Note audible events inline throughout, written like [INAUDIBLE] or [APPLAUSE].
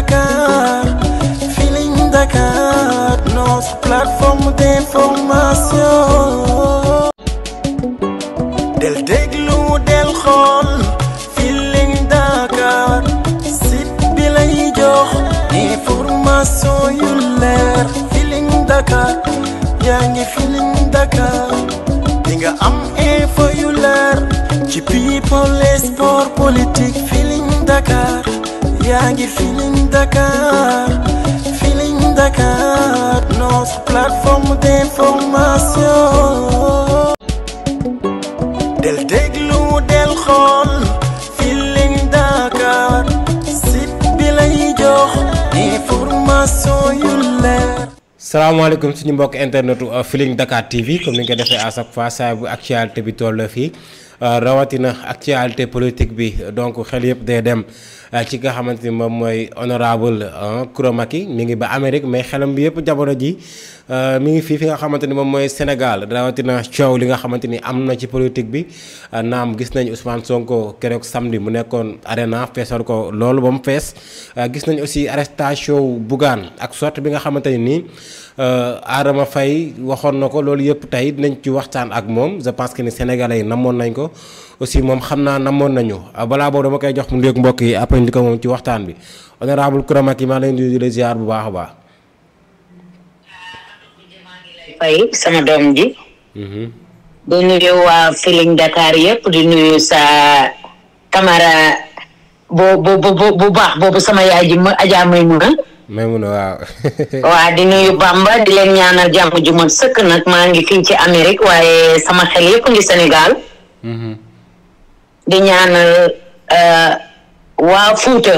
Dakar Feeling Dakar notre plateforme d'information del déglu del xool Feeling Dakar site bi lay jox information yu leer Feeling Dakar yaa ngi Feeling Dakar di nga am info yu leer ci people et sport politique Dakar yaa ngi Feeling Dakar Feeling Dakar notre plateforme d'information. del déglu del xool Feeling Dakar site bi lay jox information yu leer. salaamaaleykum suñu mbokk internetu euh, Feeling Dakar TV comme ni nga defee à chaque fois saa bu actualité bi toll fii euh, rawatina actualité politique bi donc xel yëpp day dem. ci euh, nga xamante ni moom mooy honorable Kouramaki mi ngi ba Amérique mais xelam bi yëpp jamono ji euh, mi ngi fii fi nga xamante ni moom mooy Sénégal rawatina coow li nga xamante ni am na ci politique bi euh, naam gis nañ Ousmane Sonko keroog samedi mu nekkoon arena feesoon ko loolu ba mu fees gis nañ aussi arrestation Bougane ak sorte bi nga xamante ni nii Adama Faye waxoon na ko loolu yëpp tey dinañ ci waxtaan ak moom je pense que ni sénégalais yi namoon nañ ko aussi moom xam naa namoon nañu ah, balaa boobu dama koy jox mu léegi mbokk yi après ñu ko moom ci waxtaan bi honorable Kouramaki maa leen di di a baax. fay sama doom ji. Mhm. di nuyu sa camara bu bu baax boobu sama yaay ji ma Adja Maymuna Maymuna waaw. [LAUGHS] waa di nuyu Bamba di leen ñaanal jàmm ju ma sëkk nag maa ngi fii ci Amérique waaye sama xel yëpp ngi Sénégal. Mhm. di ñaanal euh, waa Fuuta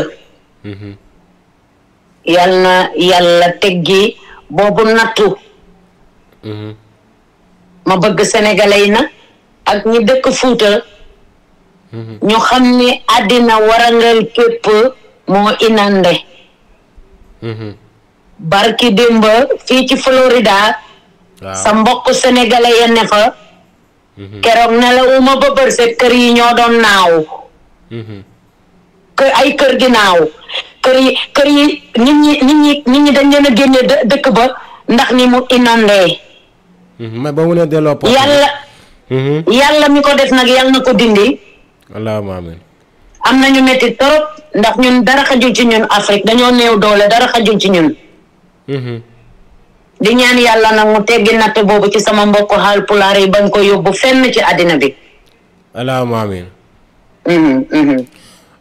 mm-hmm. yal yàlla teggi boobu nattu mm-hmm. ma bëgg sénégalais yi ak ñi dëkk Fuuta mm-hmm. ñu xam ni àddina warangal képp moo inande barki démb fii ci Florida sa mbokk sénégalais ya ne fa keroog nelawuma ba bër set kër yi ñoo doon naaw mhm. kër ay kër gi naaw kër yi kër yi nit ñi nit ñi nit dañ leen a génne dëkk ba ndax ni mu inondé mhm, mais ba mu ne delloo po yàlla mhm. yàlla mi ko def nag yàlla na ko dindi allahumma amin am nañu metti torop ndax ñun dara xajul ci ñun Afrique dañoo néew doole dara xajul ci ñun di ñaan yàlla nag mu teggi natt boobu ci sama mbokk xaal pulaar yi bañ ko yóbbu fenn ci àddina bi allahumma amin mhm, mhm.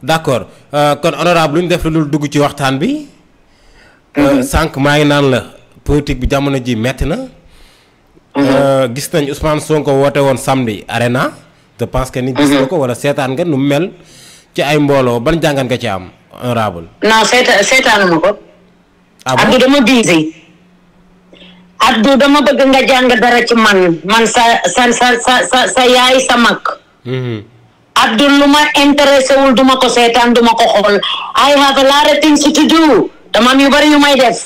d'accord euh, kon honorable lu ñu def lu dugg ci waxtaan bi euh, mhm. sànq maa ngi naan la politique bi jamono ji metti na euh, gis nañ Ousmane ko woote woon samedi arena te pense que ni gis nga ko wala seetaan nga nu mel ci ay mbooloo ban jàngat nga ci am honorable non seetaanuma ko ah Abdou dama biise Abdou dama bëgg nga jàng dara ci man man sa sa sa sa sa yaay sa mag mm-hmm. Abdou lu ma intéressé wul duma ko seetaan duma ko xool I have a lot of things to dama yu bari yu may def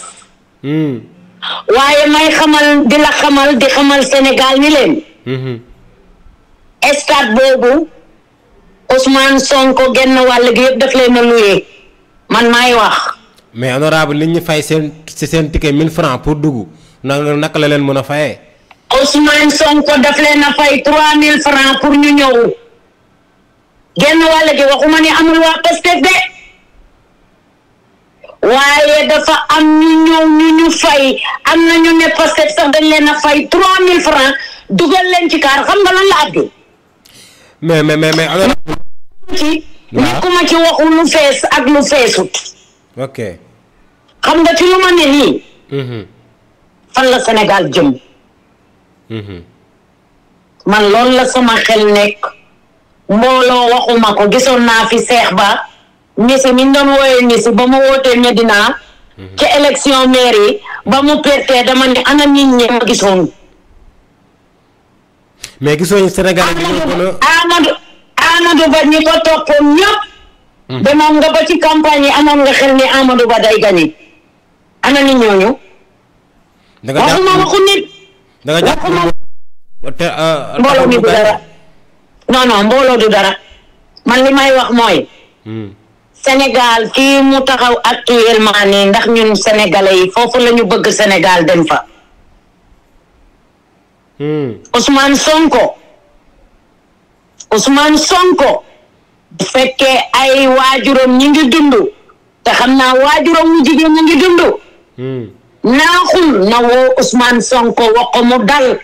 mm-hmm. waaye may xamal di la xamal di xamal Sénégal ni leen mm-hmm. stade boobu Ousmane Sonko genn wàll gi yëpp daf leen a man maay wax mais honorable li ñu fay seen si seen ticket mille francs pour duggu na naka la leen mën a fayee. Ousmane Sonko daf leen a fay trois mille francs pour ñu ñëw genn wàll gi waxuma ne amul waa Pastef de waaye dafa am ñu ñëw ñu ñu fay am na ñu ne Pastef sax dañ leen a fay trois mille francs dugal leen ci kaar xam nga lan la addu mais mais mais mais alors. ci nekkuma ci waxu lu fees ak lu feesut. ok xam nga ci lu ma ne nii. Mm-hmm. fan la Sénégal jëm mhm. man loolu la sama xel nekk mbooloo waxuma ko gisoon naa fi seex ba ñisi miñ doon wooyee ñisi ba mu wootee Medina mhm. ca élection mairie ba mu pertee dama ne ana nit ñi ma gisoon mais gisooñu Sénégal Amadou Ba toppoon ñëpp mhm. demoon nga ba ci campagne yi amoon Ba day gagné ana nit ñooñu da nga jàpp waxuma waxu euh, mbooloo mi dara. non mbooloo du dara man li may wax mooy. Hmm. Sénégal kii mu taxaw actuellement nii ndax ñun sénégalais yi foofu lañu bëgg Sénégal dem fa. Hmm. Ousmane Sonko Ousmane Sonko bu fekkee ay waajuram ñi ngi dund te xam naa waajuram mu jigéen ñi ngi dund. Hmm. naaxul na woo Ousmane Sonko wax ko mu dal.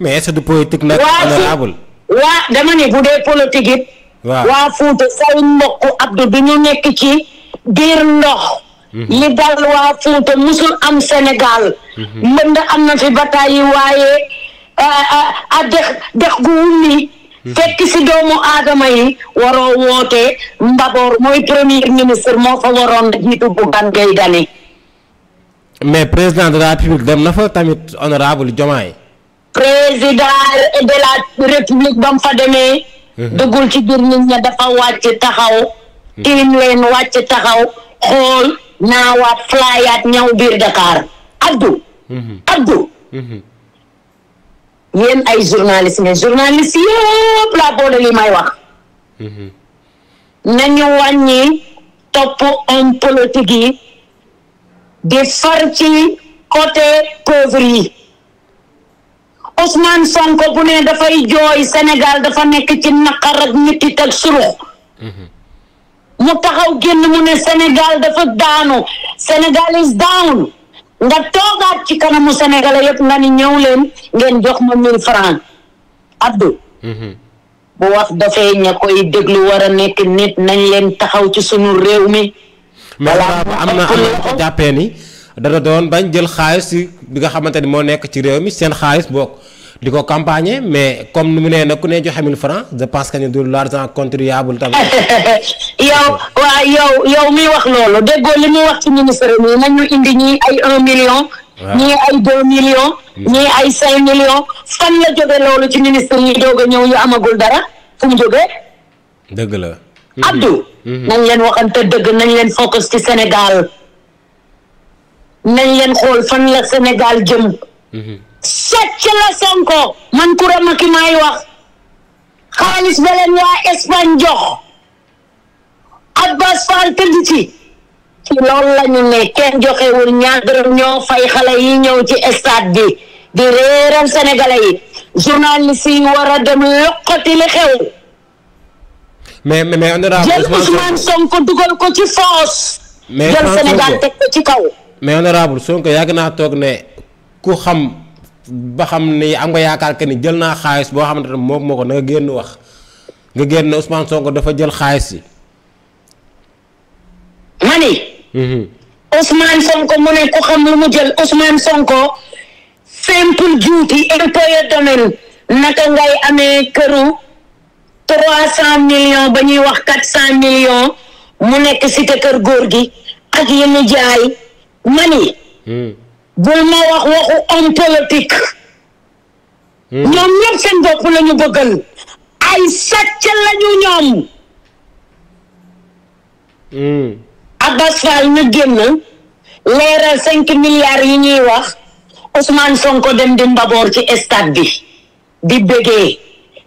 mais est-ce que du politique nag honorable waa dama bu dee politique it. waa Fuuta say mbokk Abdou bi ñu nekk ci biir ndox. Mhm. li dal waa Fuuta musul am Sénégal. mbënd mhm. am na fi bataay waaye euh, euh, a dex dex gu wulli mhm. fekk si doomu aadama yi waroo woote Mbaboor mooy premier ministre moo fa waroon jiitu Bougane Gueye mais président de la république dem na fa tamit honorable Diomaye président de la république ba fa demee mhm. duggul ci biir nit ña dafa wàcc taxaw mhm. tiim leen wàcc taxaw xool naawaat flaayaat ñëw biir Dakar Abdou mhm. Abdou yéen ay journaliste ne journaliste yëpp laa boole li may wax nañu wàññi topp homme politique yi di far ci côté pauvre yi Ousmane Sonko bu ne dafay jooy Sénégal dafa nekk ci naqar ak ñittit ak surux mhm. mu taxaw génn mu ne Sénégal dafa daanu Sénégal is down nga toogaat ci kanamu Sénégalais yëpp nga ni ñëw leen ngeen jox ma mille francs Abdou mhm. bu wax dafay ña koy déglu war nekk nit nañ leen taxaw ci sunu réew mi mais voilà am na am na ko jàppee ni dana doon bañ jël xaalis bi nga xamante ni moo nekk ci réew mi seen xaalis book di ko campagne mais comme ni mu nee nag ku ne joxe 1000 francs je pense que ni du l'argent contribuable tamit. [LAUGHS] yow waa yow yow miy wax loolu déggoo li muy wax ci ministre nii nañu indi ñii ay 1 million. ñii ay 2 millions. Hmm. ñii ay 5 millions fan la loolu ci ministre yi doog a ñëw yu amagul dara fu mu jógee. dëgg la. Abdou. Mhm. nañ leen dëgg nañ leen focus ci Sénégal nañ leen xool fan la Sénégal jëm. Mhm. sàcc la Sonko man Coura Macky maay wax xaalis ba leen waa Espagne jox Abbas Fall tëdd ci. ci loolu la ñu ne kenn joxewul ñoo fay xale yi ci stade bi di réeral sénégalais yi journaliste yi war li xew. mais mais honorable jël Ousmane Sonko dugal ko ci force. mais jël Sénégal teg ko ci kaw. mais honorable Sonko yàgg naa toog ne ku xam ba xam ni am nga yaakaar que ni jël naa xaalis boo xamante ne moom moo ko na nga génn wax nga génn Ousmane Sonko dafa jël xaalis yi. ma ni. Mhm. Sonko mu ne ku xam lu mu jël Ousmane Sonko simple duty employeur domaine naka ngay amee këru. trois cent millions ba ñuy wax quatre cent mu nekk cité kër góor gi ak yenn jaay mani hmm. bul ma wax waxu homme politique hmm. ñoom ñëpp seen bopp la bëggal ay sàcc lañu ñoom hmm. Abbas Fall ñu génn leeral cinq milliards yi ñuy wax Ousmane Sonko dem di mbaboor ci stade bi di bégee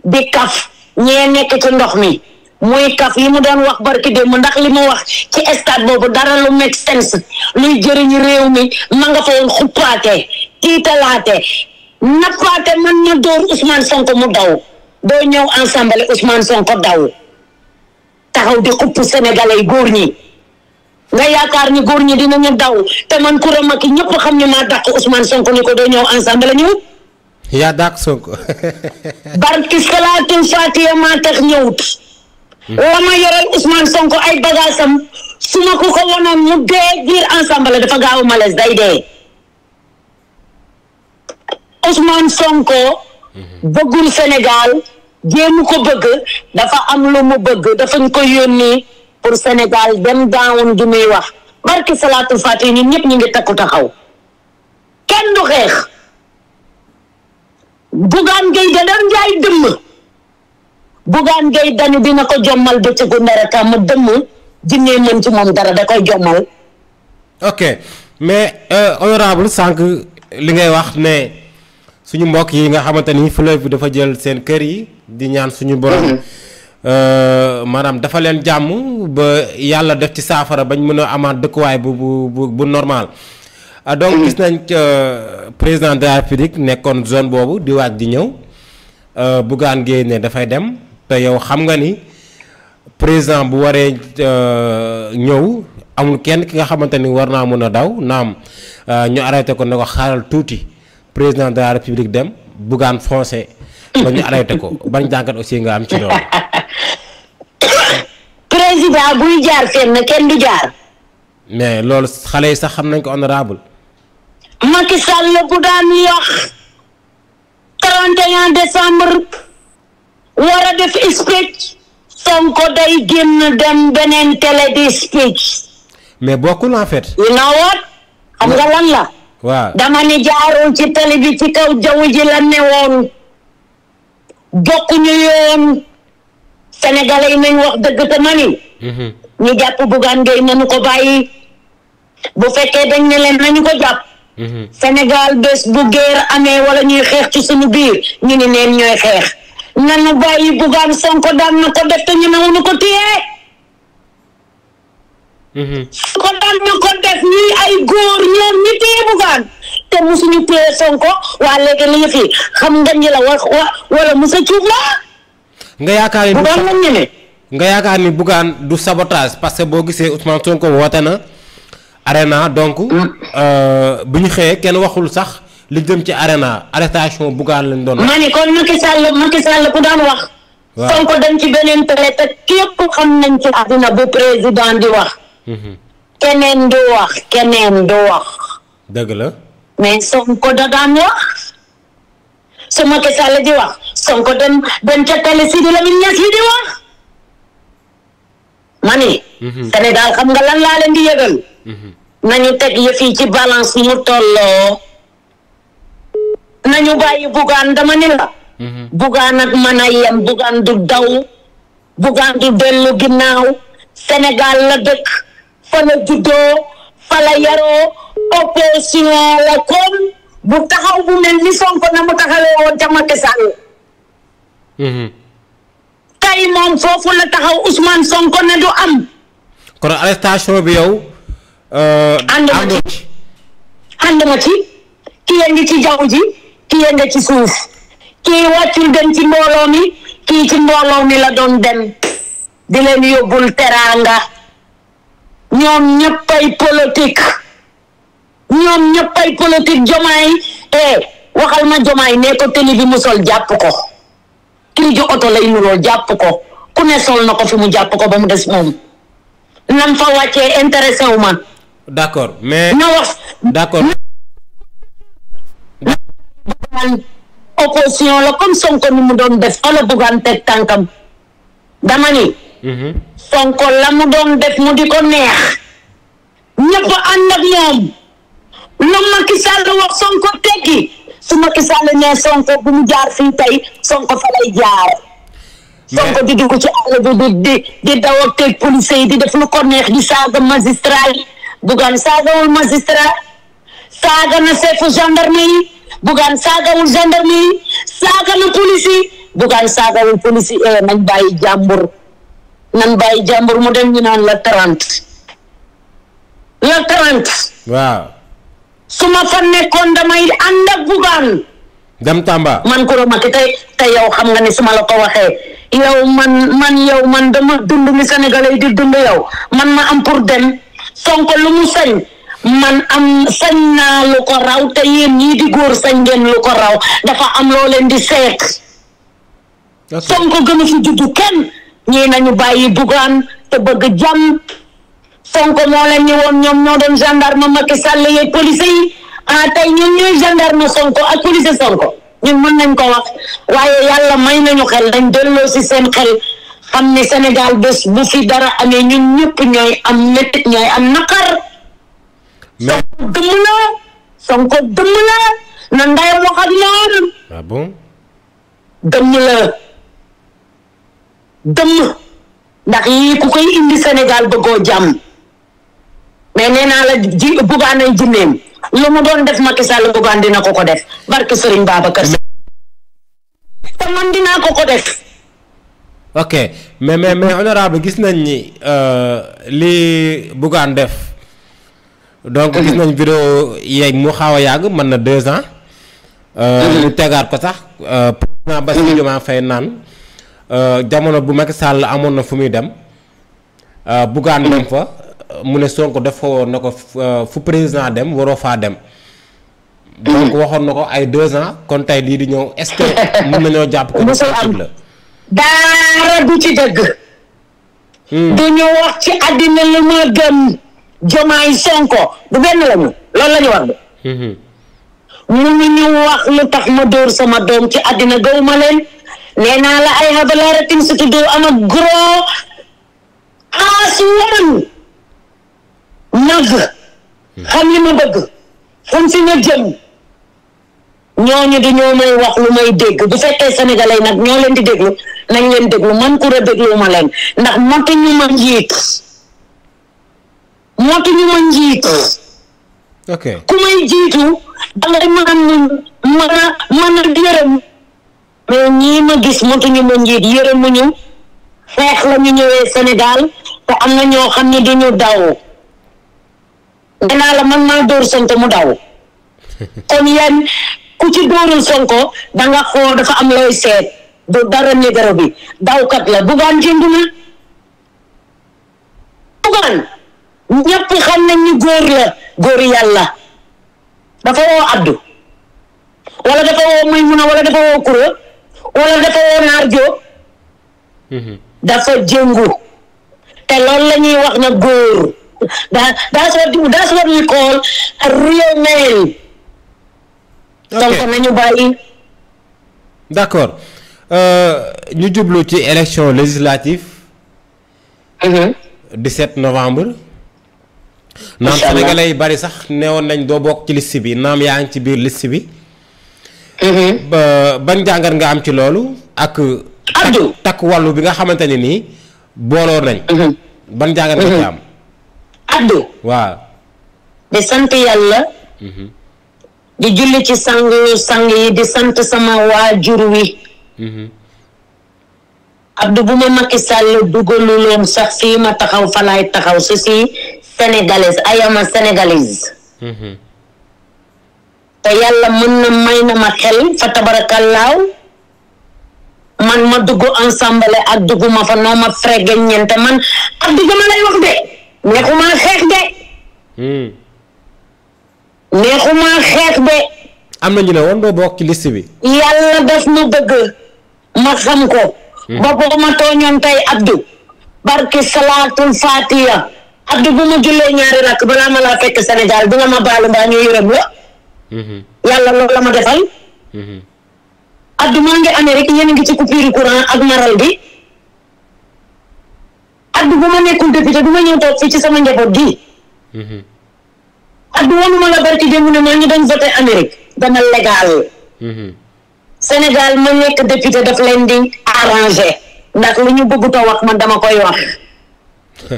di kaf ñee nekk ci ndox mi muy kaf yi mu doon wax barki démb ndax li mu wax ci stade boobu dara lu make sense luy jëriñ réew mi ma nga fa woon xuppaate tiitalaate nappaate man na dóor Ousmane Sonko mu daw doo ñëw ensemble Ousmane Sonko daw taxaw di xupp sénégalais góor ñi nga yaakaar ni góor ñi dinañu daw te man kuréel ma ki ñëpp xam ne maa dàq Ousmane Sonko ni ko doo ñëw ensemble ñu. yaa daak Sonko. [LAUGHS] barke salaatul faatiha maa tax ñëwut. la ma yoreel Ousmane Sonko ay bagages am su ma ko ko wonoon mu dee biir ensemble dafa gaaw malaise day dee. Ousmane Sonko. bëggul Sénégal jéem ko bëgg dafa am lu mu bëgg dafa ñu ko yónni pour Sénégal dem daawun du muy wax barke salaatul faatiha ñun ñëpp ñu ngi takku taxaw kenn du xeex. Bougane Gueye Dany njaay dëmm Bougane Gueye Dany dina ko jommal bëccëgu ndaraka ma dëmm jinnee mën ci moom dara da koy jommal ok mais euh, honorable sànq li ngay wax ne suñu mbokk yi nga xamante ni fleuve bi dafa jël seen kër yi di ñaan suñu borom mhm. euh, maanaam dafa leen jàmm ba yàlla def ci saafara bañ mën a amaat dëkkuwaay bu bu bu normal Ah, donc gis nañ euh, président de la République nekkoon zone boobu di waaj di ñëw euh, Bougane Gueye ne dafay dem te yow xam nga ni président bu waree euh, ñëw amul kenn ki nga xamante ni war naa mën a daw naam ñu arrêté ko ne ko xaaral tuuti président de la République dem Bougane foncé ba ñu arrêté ko bañ jàngat aussi nga am ci loolu. [COUGHS] président buy jaar fenn kenn du jaar. mais loolu xale yi sax xam nañ ko honorable Macky Sall bu daan yox 31 décembre war a def speech Sonko day génn dem beneen télé di speech. mais bokkul en fet you know what xam nga la. waaw dama ne jaarul ci télé bi ci kaw jaww ji la newoon bokkuñu yoon sénégalais yi nañ wax dëgg te mani mhm. ñu jàpp Bougane Gueye nañu ko bàyyi bu fekkee dañ ne leen nañu ko jàpp. Mhm. Sénégal bés bu guerre amee wala ñuy xeex ci suñu biir ñu ni neen ñooy xeex nanu bàyyi Bougane Sonko daan na ko def te ñemewuñu ko téye mhm. ko na ko ñi téye Bougane te Sonko waa léegi li xam nga ñi la wax wa wala musa cuub la nga yaakaar ni Bougane nga yaakaar ni Bougane du sabotage parce que boo gisee Ousmane Sonko woote na arena donc. Mm. Euh, bu ñu xëyee kenn waxul sax li jëm ci arena arrestation Bougane lañ doon. ma ni kon Macky Sall ku daan wax. Sonko dem ci beneen télé te képp xam nañ ci àdduna bu président di wax. Mhm. keneen du wax keneen du wax. dëgg la. mais Sonko da daan wax su Macky Sall di wax Sonko dem dem ca télé Sidi Lamine Niass yi di wax. ma ni mhm. Sénégal xam lan laa leen di yëgal mhm. nañu teg yëf yi ci balance mu tolloo nañu bàyyi bugaan dama la mhm. bugaan ak mën a daw bugaan dellu ginnaaw senegal la dëkk fa la juddoo yaroo opposition la kon bu taxaw bu mel ni na mu taxawee woon ca tey moom foofu la taxaw Ousmane Sonko ne du am. kon arrestation bi yow. Euh, ànduma ci ci kii ngi ci jaww ji kii nga ci suuf kii wàccul dem ci mbooloo kii ci mbooloo la doon dem di leen yóbbul teraanga ñoom ñëppay politique ñoom ñëppay politique jomaay eh waxal ma jomaay nee ko télé bi mu sol jàpp ko. kii ji oto lay nuroo jàpp ko ku ne sol ko fi mu jàpp ko ba mu des moom nan fa wàccee intéressé wu d'accord mais na wax. d'accord. opposition la comme Sonko ni mu doon des fa la buggaan teg tànkam dama ni. Mhm. la mu doon def mu di ko neex. ñëpp ànd ak moom lu Macky Sall wax Sonko teggi. su Macky Sall nee Sonko bu mu jaar fii tey Sonko fa jaar. Sonko di dugg ci àll bi di di di daw police yi di def lu ko di saaga magistrat yi Bougane saagawul magistrat saaga na chefu gendarme yi Bougane saagawul gendarme yi saaga na police yi Bougane saagawul police yi eh nañ bàyyi jàmbur nañ bàyyi mu dem ñu naan la trente la trente waaw su ma fa nekkoon damay ànd ak bugaan. dem tàmba man Coura Macky tey tey yow xam nga ni su ma la ko waxee yow man man yow man dama dund ni Sénégalais yi di dund yow man ma am pour dem Sonko lu mu sañ man am sañ naa lu ko raw te yéen ñii di góor sañ ngeen lu ko raw dafa am loo leen di seet. Sonko ko a fi juddu kenn ñii nañu bàyyi bugaan te bëgg jàmm. Sonko moo leen ni woon ñoom ñoo doon gendarme Macky Sall yeeg police yi ah tey ñun ñooy gendarme Sonko ak police Sonko ñun mën nañ ko wax waaye yàlla may nañu xel dañ delloo seen xel xam ne Sénégal bés bu fi dara amee ñun ñëpp ñooy am métti ñooy am naqar. Sonko dëmm la Sonko dëmm la na ndayam wax dëmm ah ndax yii ku koy indi Sénégal bëggoo jàmm. mais nee naa la ji bugaan ay jinneem lu mu doon def Macky Sall bugaan dina ko ko def barke Serigne Babacar Sy te man dinaa ko ko def. ok mais mais mais honorable gis nañ ni euh, li bugaan def. donc gis nañ vidéo yeeg mu xaw a yàgg mën na deux ans. Euh, ñu tegaat ko sax. Euh, président Bassirou Diomaye Faye naan jamono bu Macky Sall amoon na fu muy dem. bugaan dem fa. mu ne Sonko def ko woon euh, ko fu président dem waroo faa dem. donc waxoon na ko ay deux ans kon tey lii di ñëw est-ce que mën nañoo jàpp ko. mosul am la daara du ci dëgg. Hmm. dañoo wax ci àddina lu ma gëm jomaay Sonko du benn lañu loolu la ñu war de. Hmm. ñu wax lu tax ma dóor sama doom ci àddina gaw ma leen nee naa la ay xabalaaratin surtout am ak gros as woman nagg xam li ma bëgg xam fi nga jëm ñooñu di ñoo may wax lu may dégg bu fekkee sénégalais nag ñoo leen di déglu nañ leen déglu man Coura déglu ma leen ndax motu ñu ma njiit motu ñu ma njiit ok ku may jiitu dangay mën a a mën a yërëm ma ñu ma njiit la ñu ñëwee Sénégal te am na ñoo xam ne duñu daw nee naa la man maa dóor sonko mu daw kon yéen ku ci dóorul sonko da nga xool dafa am looy seet du dara négro bi dawkat la bugaan jënd na bugaan xam nañ ni góor la góor yàlla dafa woo Abdou wala dafa woo Maymuna wala dafa woo Kura wala dafa woo Naar Jóob mhm. dafa jëngu te loolu la ñuy wax na góor That that's what that's what we call a real man. donc nañu bàyyi. d' accord ñu jublu ci élection législative. 17 mm-hmm. novembre. naam sénégalais yi bari sax neewoon nañ doo bokk ci liste bi naam yaa ngi ci biir liste bi. Mm-hmm. ban jàngat nga am ci loolu ak. takk wàllu bi nga xamante ne nii booloo nañ. Mm-hmm. ban jàngat nga am. addu waaw di sant yàlla mhm. di julli ci sang sang yi di sant sama waajur wi mhm. Abdou bu ma Macky sàll dugalu loon sax fii ma taxaw falaay taxaw si si sénégalaise I am mhm. te yàlla mën na may na ma xel fa tabarakallaaw man ma dugg ensemble ak dugg fa noo ma frégué ñeente man Abdou dama lay wax de neexumaa xeex de. Hmm. neexumaa xeex de. am na ñu ne woon doo bokk ci liste bi. yàlla def na dëgg ma xam ko. Hmm. ba boo ma tooñoon tey Abdou. barki salaatul fatiha. Abdou bu ma jullee ñaari rakk balaa ma laa fekk Sénégal bi nga ma baalu mbaa ñu yërëm la. Hmm. yàlla loolu ma defal. Abdou maa ngi Amérique yéen ngi ci coupure courant ak maral bi. at bu ma nekkul député du ma ñëw fii ci sama njaboot gi mhm. at bu wanuma la barki démb ne maa ngi doon voté Amérique dama légal mhm. Sénégal ma nekk député daf leen di arrangé ndax lu ñu bëgg ta wax man dama koy wax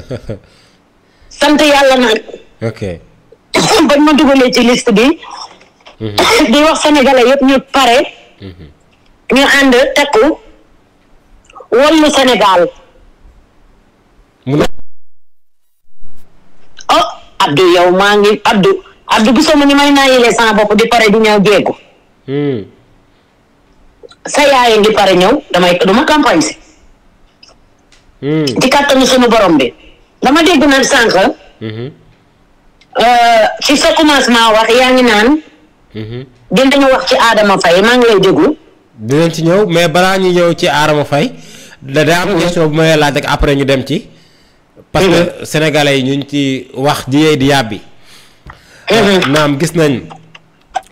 [LAUGHS] sant yàlla nag ok [COUGHS] bañ ma dugalee ci liste bi mhm. [COUGHS] di wax sénégalais yëpp ñu pare ñu ànd takku wallu Sénégal mu ne. oh yow maa ngi Abdou Abdou gisoo mu ni may naayilee sama bopp di pare di ñëw jéego. Hmm. sa yaay ngi pare ñëw damay du ma campagne si. di hmm. kàttanu sunu borom bi dama dégg nag sànq. Hmm. Euh, ci sa commencement wax yaa ngi naan. dinañu wax ci Adama Faye maa ngi lay déglu. dinañ ci ñëw mais balaa ñu ñëw ci Adama Faye da daa am mhm. question bu may laaj rek après ñu dem ci. parce eh que sénégalais yi ñu ngi ci wax jiyee di yàbbi. Eh ah, naam gis nañ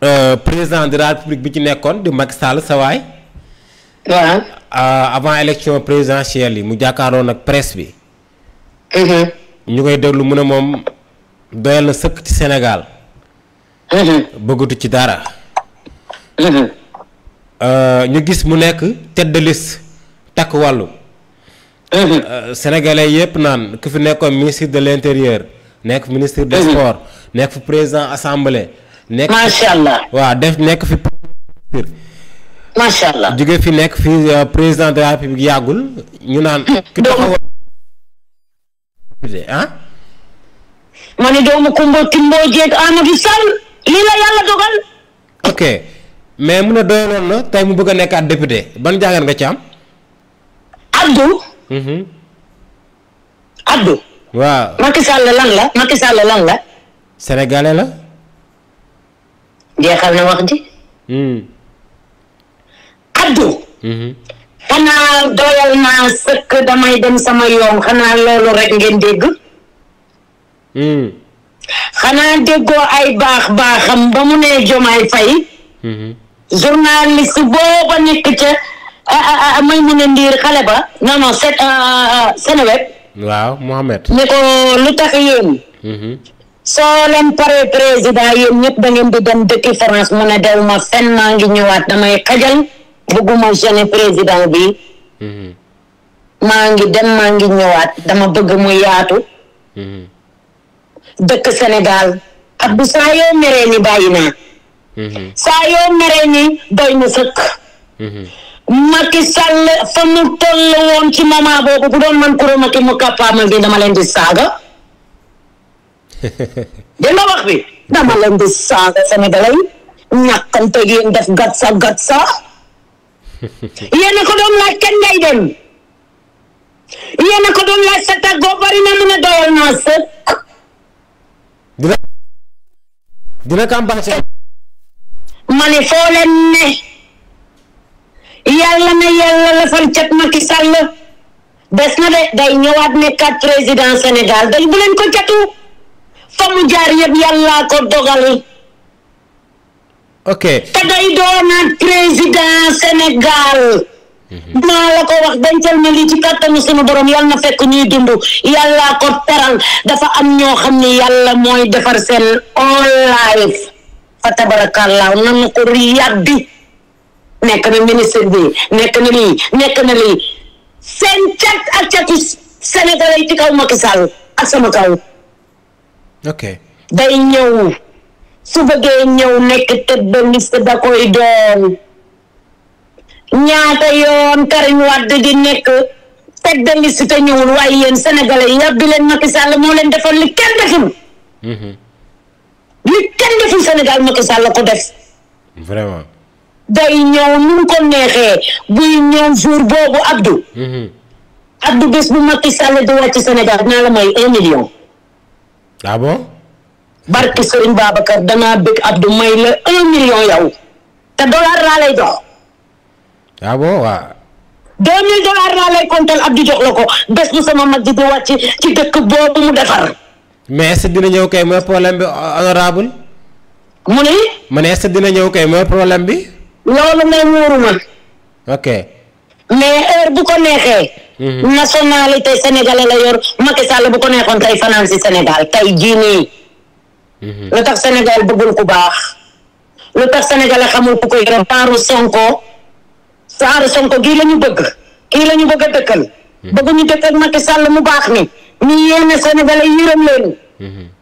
euh, président de la république bi ci nekkoon di mag Sall sa waay. waaw. Euh, avant élection présidentielle yi mu jàkkaarloon ak presse bi. Eh ñu koy déglu mu ne moom doyal na sëkk ci Sénégal. bëggatu ci dara. Euh, ñu gis mu nekk tête de takk wàllu. Euh, sénégalais yëpp naan ku fi nekkoon ministre de l' intérieur nekk ministre des mhm. sports nekk fi président assemblée. nekk macha allah waa def nekk fi. macha allah jóge fi nekk fi euh, président de la république yàggul ñu naan. Hmm. ki taxawal ah. ma ne doomu Kumba Timboo Jeeg Amadou la yàlla dogal. ok mais mu ne doyaloon na tey mu bëgg a nekkaat député ban jàngat nga ci am. Mhm. Abdou. waaw Macky Sall lan la Macky Sall lan la. sénégalais la. jeexal na wax ji. Hmm. Abdou. Mhm. xanaa doyal naa sëkk damay dem sama yoon xanaa loolu rek ngeen dégg. Hmm. xanaa déggoo ay baax baaxam ba mu nee Jomaay Fay. Mhm. journaliste booba nekk ca. Ah, ah, ah, may mun a ndiir xale ba non set euh, euh, Seneweb waaw Mohamed ni ko lu tax yéen mm-hmm. soo leen paree président yéen ñëpp da ngeen di dem dëkki France mu ne dew ma fenn maa ngi ñëwaat damay xajal bëgguma gêner président bi mm-hmm. maa ngi dem maa ngi ñëwaat dama bëgg mu yaatu mm-hmm. dëkk Sénégal Abdou saa yoo meree ni bàyyi naa saa yoo meree ni doy na sëkk Macky Sall fa ci moment boobu bu doon man Coura Macky mu kàppaamal bi dama leen di saaga [LAUGHS] dina wax bi dama leen di saaga Sénégalais ñàkkante yéen def gatsa gatsa [LAUGHS] yéena ko doon laaj kenn ngay dem yéena ko doon laaj sa tàggoo bari na mu ne doyal naa sëkk dina dina campagne ma ne foo ne yàlla na yàlla lafal cat Macky Sall des na de day ñëwaat nekkaat président Sénégal dañ bu leen ko catu fa mu jaar yëpp yàllaa ko dogal te day doonaat président Sénégal mhm. maa la ko wax dencal na lii ci kàttanu sunu borom yàlla na fekk ñuy dund yàllaa ko teral dafa am ñoo xam ne yàlla mooy defar seen all life fa tabarakallaahu nanu ko riyàbbi nekk na ministre bi nekk na lii nekk na lii seen cat ak catu Sénégal yi ci kaw Macky Sall ak sama kaw. day ñëw su bëggee ñëw nekk tête de liste doon ñaata yoon Karim Wade di nekk tête de te ñëwul waaye yéen sénégalais yàpp bi leen Macky Sall moo leen defoon li kenn deful. Mhm. li kenn deful Sénégal Macky def. day ñëw nu mu ko neexee buy ñëw jour boobu Abdou. Mhm. Abdou bés bu Macky Sall di wàcc Sénégal naa la may un million. ah bon. barke Serigne danaa bëgg Abdou may la un million yow te dollar laa lay jox. ah bon waaw. deux laa lay kontal Abdou jox la ko bés bu sama mag ji di wàcc ci dëkk boobu mu defar. mais est dina ñëw kay mooy problème bi honorable mu ne. mu ne est dina ñëw kay mooy problème bi. loolu man wóoruma ok mais heure bu ko neexee mhm. nationalité sénégalais la yor Macky Sall bu ko neexoon tey fanaan si Sénégal tey jii mhm. lu tax Sénégal bëggul ku baax lu tax Sénégal xamul ku ko yore saaru Sonko saaru Sonko gii la ñu bëgg kii la ñu bëgg a dëkkal mhm. bëgguñu dëkkal Macky Sall mu baax ni ñu yéene sénégalais yërëm leen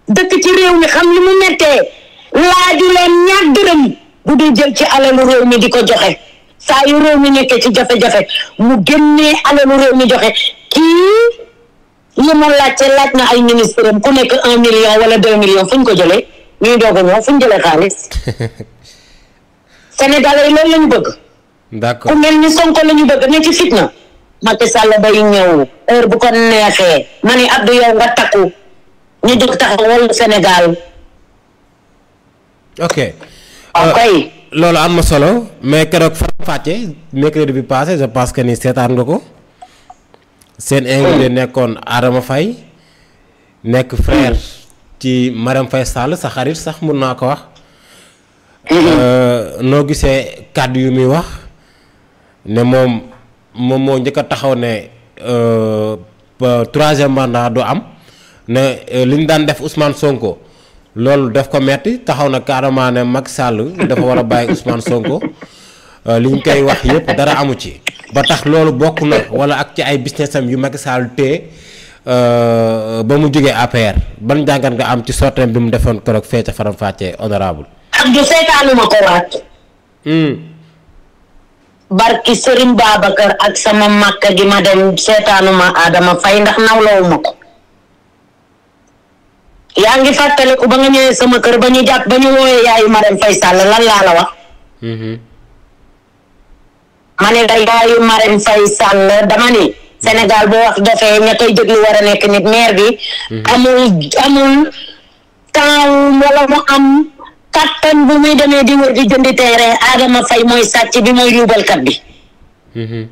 dëkk ci réew mi xam li mu mettee laaju leen ñaar dërëm bu dee jël ci alalu réew mi di ko joxe saa yu réew mi nekkee ci jafe-jafe mu génnee alalu réew mi joxe kii li ma laajte laaj na ay ministre ku nekk un million wala deux millions fu ñu ko jëlee ñuy doog a fu ñu jëlee xaalis [LAUGHS] sénégalais yi loolu la ñu bëgg. d'accord ku mel ni Sonko la ñu bëgg ne ci fitna Macky Sall day ñëw heure bu ko neexee ma ni Abdou yow nga takku ñu jóg taxawal Sénégal. ok. Ah, ok loolu am na solo mais keroog faram fàcce mercredi bi passé je pense que ni seetaan nga ko. seen invité hmm. nekkoon Adama fay nekk frère hmm. ci Marème Faye Sall sa xarit sax mun naa ko wax. Hmm. Euh, noo gisee kàddu yu muy wax ne moom moom moo njëkk a taxaw ne euh, troisième mandat du am ne euh, li ñu daan def Ousmane Sonko. loolu daf ko metti taxaw na carrément ne Macky Sall dafa war a bàyyi Ousmane Sonko euh, li ñu koy wax yëpp dara amu ci ba tax loolu bokk na wala ak ci ay business am yu Macky Sall téye euh, ba mu jógee APR ban jàngat nga am ci sortem bi mu defoon keroog fee ca faram fàccee honorable Abdou seetaanuma ko waat hmm. barki Serigne Babacar ak sama makka gi ma dem seetaanuma Adama Faye ndax nawlawuma ko yaa ngi fàttaliku ba nga ñëwee sama kër ba ñu jàpp ba ñu wooyee yaayu Marème Faye Sall lan laa la wax. Mm-hmm. ma ne la yaayu Marème Faye Sall dama ni Sénégal boo wax dafee ña koy déglu war a nekk nit maire bi. Mm-hmm. amul amul temps wala mu am kattan bu muy demee di wër di jëndi terrain Adama Faye mooy sàcc bi mooy yuubalkat bi. Mm-hmm.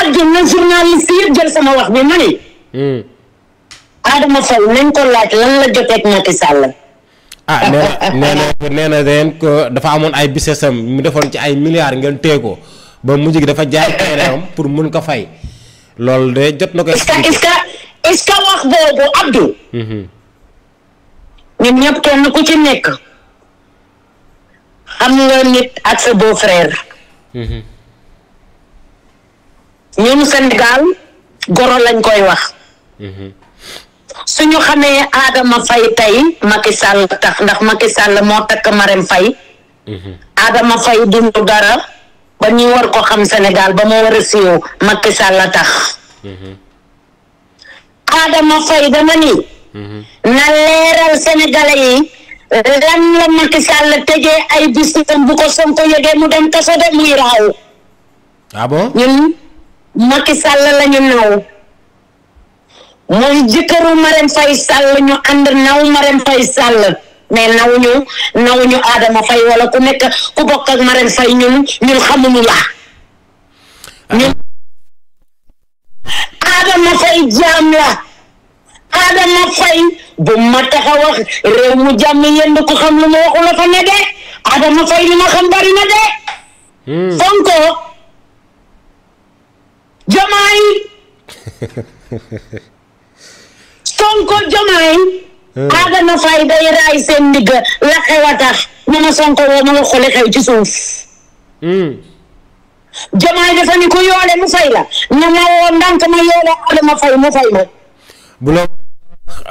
ak na journaliste yëpp jël sama wax bi ma Adama Fall nañ ko laaj lan la joteeg Macky Sall. ah nee na nee na nee ko dafa amoon ay businessam mu defoon ci ay milliards ngeen téye ko ba mujj gi dafa jaay terrain pour mun ko fay loolu de jot na ko. est-ce que est-ce wax boobu Abdou. Mhm. ñun ñëpp kenn ku ci nekk. xam nga nit ak sa beau-frère. Mhm. ñun Sénégal goro lañ koy wax. Mhm. suñu xamee Adama Faye tey Macky Sall tax ndax Macky Sall moo takk Marème Faye mhm. Adama Faye dund dara ba ñuy war ko xam Sénégal ba moo war a siiw Macky Sall tax mhm. Adama Faye dama ni mhm. na leeral Sénégalais yi lan la Macky Sall tëjee ay bisam bu ko Sonko yëgee mu dem kaso de muy raaw ah bon lañu naw mooy jëkkëru Marème Faye Sall ñu ànd naw Marème Faye Sall mais naw ñu naw ñu Adama Faye wala ku nekk ku bokk ak Marème Faye ñun ñun xamuñu la ñun Adama Faye jaam la Adama Faye bu ma tax wax réew mu jàmm yéen ko xam lu fa ne de Adama Faye li ma xam bari na de hmm. Sonko Diomaye [LAUGHS] Sonko Jomaay. aadama eh. fay day raay seen la xew a tax ñu ne Sonko woo xew ci suuf. Jomaay hmm. dafa ni ku yoole mu fay la na ma woo ma yoole aadama fay mu fay ma. bu la.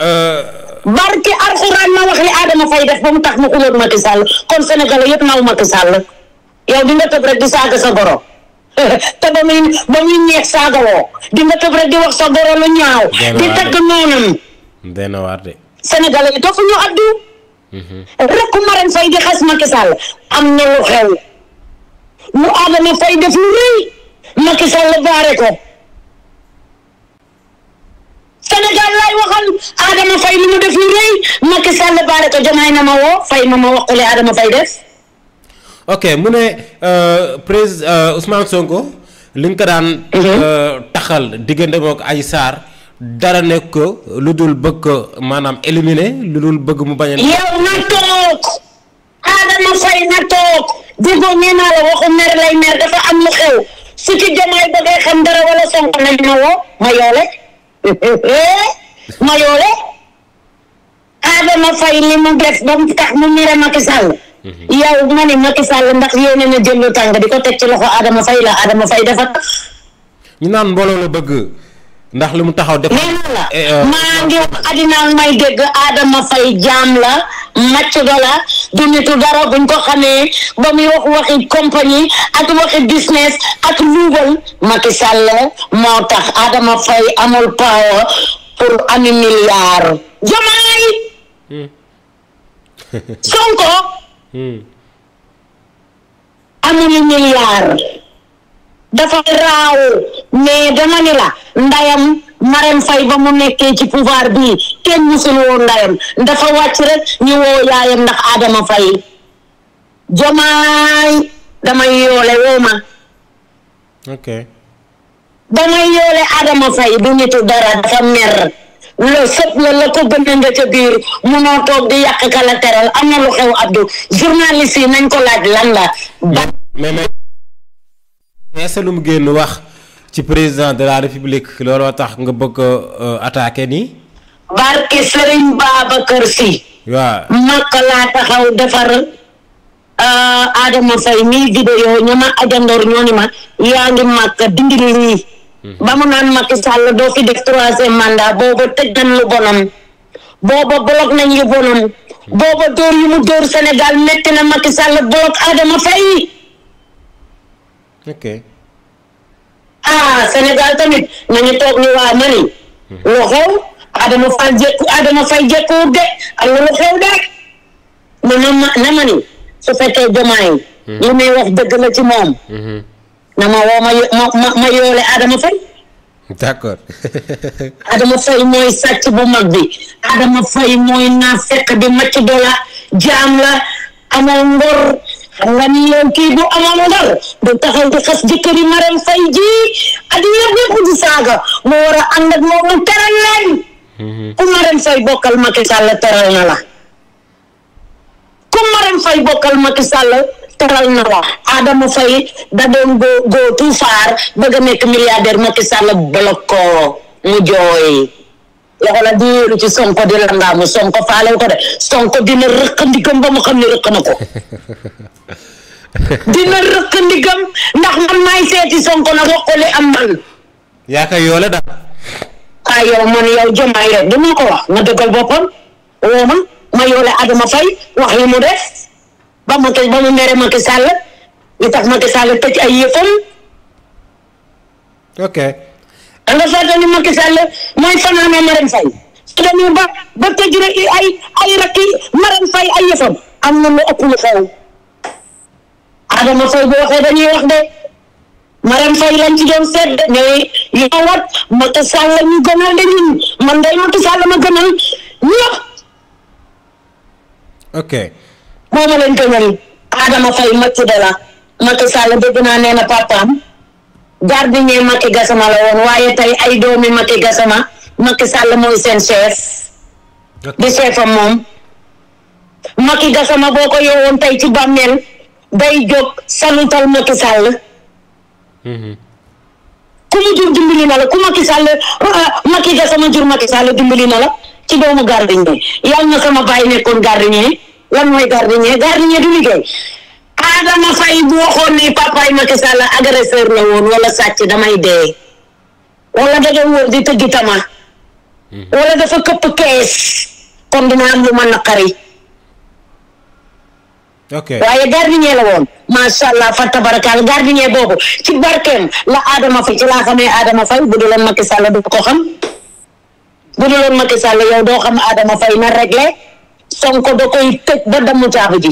Eh. barke ma wax li aadama fay def ba mu tax mu xuloon Macky Sall kon Sénégal yëpp naw Macky Sall yow di nga tëb rek saaga sa borom. te ba muy ba muy ñeex saagawoo di nga tëb rek sa goro lu ñaaw di tagg noonam benn waar de sénégalais yi ñu addu mhm. rek Marème Faye di xas Macky Sall am na xew lu Adama Faye def lu rëy Macky Sall ko Sénégal laay waxal Adama Faye mu def lu rëy Macky Sall baare ko jomaay na ma woo Faye ma ma waxulee Adama Faye ok mu ne euh, président euh, Ousmane Sonko li nga ko daan. Mhm. Euh, taxal diggante mook ay Sarr dara nekk ko lu dul bëgg ko maanaam éliminer lu dul bëgg mu bañ a. yow na toog Adama Faye na naa la waxu mer lay mer dafa am xew su ci jamaay bëggee xam dara wala Sonko nañ ma ma yoole [LAUGHS] ma yoole Adama Faye li mu def ba mu tax mu mere Macky Sall yow nga ne Macky Sall ndax yéene na jël lu tàng di ko teg ci loxo Adama Faye la Adama Faye dafa. ñu naan mbooloo la bëgg ndax li mu taxaw. def la eh, euh, maa ngi wax addinaan may dégg Adama Faye jaam la màcc la du nitu dara buñ ko xamee ba muy wax waxi compagnie ak waxi business ak luubal Macky Sall moo tax Adama Faye amul power pour ami milliard jamaay. Hmm. Sonko. Hmm. amul milliard dafa raaw mais dama ni la ndayam Marème Faye ba mu nekkee ci pouvoir bi kenn musul woo ndayam dafa wàcc rek ñu woo yaayam ndax Adama Faye jomaay damay yoole woo ma ok damay yoole Adama Faye du nitu dara dafa mer le sëb la la ko gën a nga ca biir munoo toog di yàq ka la teral am lu xew Abdou journaliste yi nañ ko laaj lan la. mais mais mais lu mu génn wax ci président de la république looloo tax nga bëgg a euh, attaqué nii. barke Serigne Babacar Sy. waaw makk laa taxaw defar euh, Adama Faye mii vidéo ña ma ajandoor ñoo ni ma yaa ngi makk dindi lii. ba mu naan Macky Sall doo fi def troisième mandat booba tëj nañ lu bonam booba bloc nañ yu bonam booba dóor yu mu dóor Sénégal metti na Macky Sall bloc Adama Faye ok ah, Sénégal tamit nañu toog ni waa mani hmm. lu xew Adama Fall jekku Adama de ak lu xew de ma na ma na mani su fekkee jomaay hmm. li muy wax dëgg la ci moom hmm. na ma woo ma ma yoole Adama Faye. d'accord. [LAUGHS] Adama Faye mooy sàcc bu mag bi Adama Faye mooy naa fekk bi màcc jaam la amoo ngor xam nga ni yow kii bu ngor du taxaw di xas jëkkëri Marème Faye ji at yëpp yëpp di saaga mu war a ak moom teral leen. Mhm. ku Marème Faye bokkal Macky Sall teral na la ku Marème Faye bokkal Macky Sall. teral na la Adama Faye da doon go go bëgg a nekk milliardaire Macky Sall bloqué ko mu jooy loxo la diiru ci Sonko di langaamu Sonko faale ko de Sonko [LAUGHS] dina rëq ndigam ndax man maay seeti Sonko nag wax ko li am man yaa ka yoole da ah yow man yow jomaay rek yoole Adama Faye wax li mu def ba mu tëj ba mu mere Macky Sall li tax Macky Sall tëj ay yëfam. ok. a nga fàttali Macky Sall mooy fanaane Marème Faye su demee ba ba tëj rek ay ay rakki Marème ay yëfam am na lu ëpp lu xew Adama Faye bu waxee dañuy wax de Marème Faye lañ ci doon seet de mais yow wat Macky Sall ñu gënal de ñun man day Macky Sall ma gënal ñëpp. ok. moom lañ gëñal Adama Faye Macky Dala Macky Sall dégg naa nee na papaam jardinier Macky la woon waaye tey ay doomi Macky Gassama Macky Sall mooy seen chef di chefam moom Macky Gassama boo ko yeewoon tey ci bàmmeel day jóg salutal Macky Sall mm-hmm. ku jur dimbali la ku Macky Sall ah, Macky Gassama jur Macky Sall dimbali la ci doomu gardinier yàlla na sama bàyyi nekkoon gardinier lan mooy gardien gardien du liggéey Adama Faye bu waxoon ni papaay Macky Sall agresseur la woon wala sàcc damay dee wala dafa mhm. fa tabarakaal gardien boobu ci barkeem la Adama Faye ci laa xamee Adama Faye bu ko xam bu dul woon Macky Sall doo xam Adama Faye na réglé Sonko da koy tëj ba damm jaabu ji.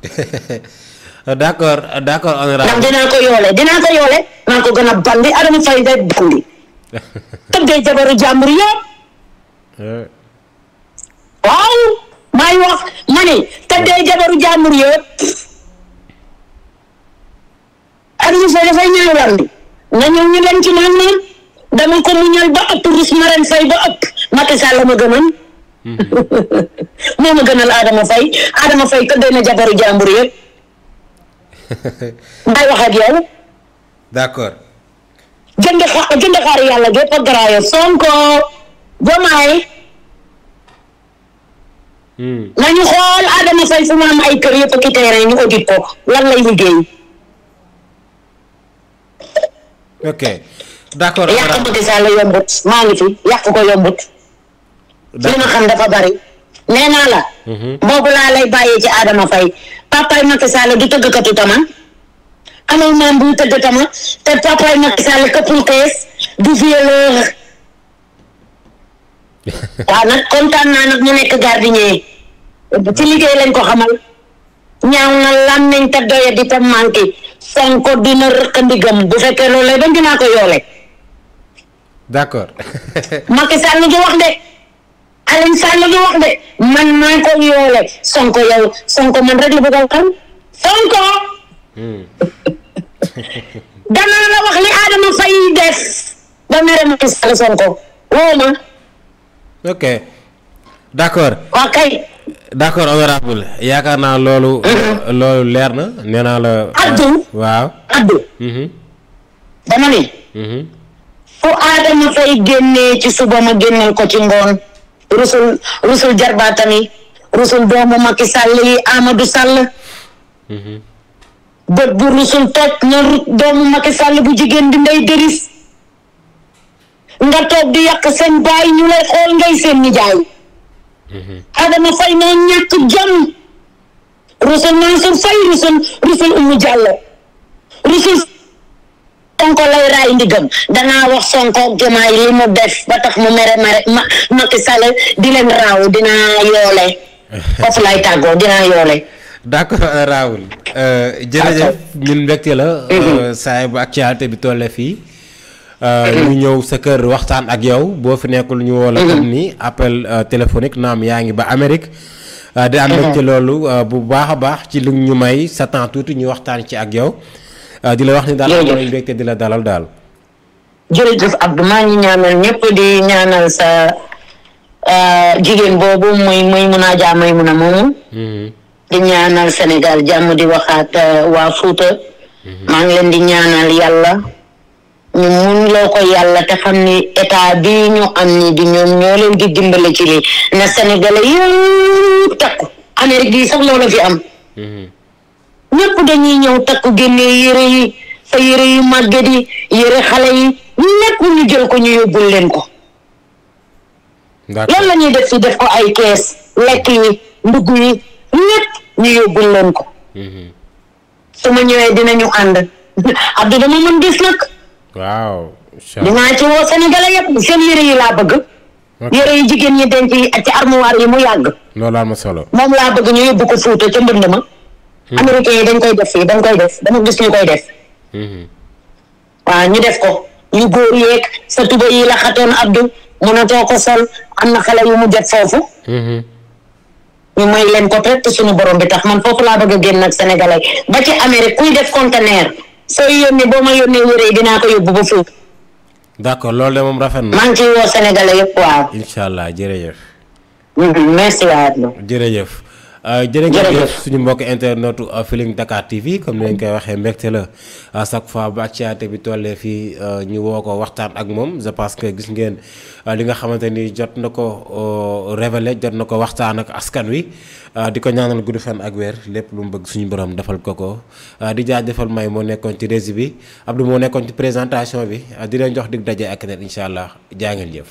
[LAUGHS] d' accord d' accord honorable. ndax ko yoole dinaa ko gën a bandi Adama Faye day bandi [LAUGHS] tëddee jabaru jàmbur yëpp. waaw maay wax ma tëddee jabaru jàmbur yëpp. Adama Faye dafay ñaaw bandi nga ñëw ñu leen ci naan naan dama ko muñal ba ëpp rus ma ren fay ba ëpp Macky Sall ma gënoon. [LAUGHS] moo ma gënal Adama Faye Adama Faye tëddee na jabaru jàmbur yëpp. [LAUGHS] may wax yow. d'accord. jënd xaar yàlla gépp ak garaayo Sonko Diomaye. Hmm. nañu xool Adama Faye fu mu ay kër yëpp ki terrain ñu audit ko lan lay liggéey. ok d'accord. yàq ko la yombut maa ngi fi yàq ko yombut. li ma xam dafa bari nee la mhm. boobu laa lay bàyyee ci Adama Faye papaay Macky Sall du tëggkatu tama amul maam buy tëgg tama te papaay Macky Sall këppul kees du violeur [LAUGHS] kontaan naa nag mu nekk gardien lañ ko xamal ñaaw na lan nañ te doye di te manqué Sonko dina rëq ndigam bu fekkee loolu lay doon dinaa ko yoole d'accord [LAUGHS] Macky Sall gi wax de Aliou Sall du wax de man maa ko yoole Sonko yow Sonko man rek la bëgg Sonko [LAUGHS] danaa la wax li Adama Faye def ba mere Macky Sall Sonko woo ma ok d'accord ok d'accord honorable yaakaar naa loolu mm-hmm. loolu leer na nee naa la Abdou euh, waaw Abdou mm-hmm. dama ne mm-hmm. fu Adama Faye génnee ci suba ma génneel ko ci ngoon rusul rusul jarbaatam rusul doomu Macky Sall yi mhm. bët bu rusul toog na doomu Macky bu jigéen di ndey dëris nga toog di yàq seen baay ñu lay xool ngay seen nijaay mhm. Adama Faye na ñàkk jom rusul Mansour Faye rusul rusul Oumou rusul sonko lay raay ndigam danaa wax sonko jomaay li mu def ba tax mu mere ma Macky Sall di leen raaw dinaa yoole [LAUGHS] foofu lay tàggoo dinaa yoole d'accord euh, raawul euh, jërëjëf ñun mbégte la euh, mhm. saa bu actualité bi tolle fii mhm. ñu ñëw sa kër waxtaan ak yow boo fi nekkul ñu woo la comme mhm. ni appel téléphonique naam yaa ngi ba Amérique di am mbégte loolu bu baax a baax ci lu ñu may satan tuuti ñu waxtaan ci ak yow Ah, di la wax ni daal amoon mbégte di la dalal daal jërëjëf Abdou maa ngi ñaanal ñëpp di ñaanal sa ah, jigéen boobu muy muy mun a jaa muy mun a moomu mm-hmm. di ñaanal Sénégal jàmm di waxaat ah, waa Fuuta mm-hmm. maa ngi leen di ñaanal yàlla ñu mun loo ko yàlla te xam ni état bi ñu am ni di ñoom ñoo leen di dimbale ci lii na Sénégalais yëpp takku Amérique gi sax loolu fi am mm-hmm. ñëpp dañuy ñëw takk génnee yére yi sa yére yu màgget yi yére xale yi ñëpp ñu jël ko ñu yóbbul leen ko loolu la ñuy def si def ko ay kees lekk yi ndugg yi ñëpp ñu yóbbul leen ko mhm. su ma ñëwee dinañu ànd Abdou dama mën gis nag waaw dinaa ci woo Sénégalais yëpp seen yére yi laa bëgg yére yi jigéen ñi denc yi ak ci armoire yi mu yàgg loolu am solo moom laa bëgg ñu yóbbu ko Fuuta ca mbënd ma Hmm. américains yi dañ koy def fii dañ koy def dama gis ñu koy def hmm. waaw ñu def ko yu góor yeeg sa tuba yi la xatoon abdou mënatoo ko sol am na xale yu mu jot foofu hmm. ñu may leen ko peut te suñu borom bi tax man foofu laa bëgg a génn ak sénégalais ba ci amérique kuy def conteneur sooy yónnee boo ma yónnee wére yi dinaa ko yóbbu ba fii d'accord loolu de moom rafet na maa ngi ciy woo yëpp waaw incha allah jërëjëf mm-hmm, merci waat jërëjëf Euh, jërëjëf suñu mbokk internetu euh, Feeling Dakar TV comme ni koy waxee mbégte la à chaque fois bu actualité bi tollee fii euh, ñu woo ko waxtaan ak moom je pense que gis ngeen li nga xamante ni jot na ko révélé jot na ko waxtaan ak askan wi di ko ñaanal gudd fen ak weer lépp lu mu bëgg suñu borom defal ko ko di jaajëfal may moo nekkoon ci régie bi Abdou moo nekkoon ci présentation bi di leen jox dig daje ak keneen incha allah jaa ngeen jëf.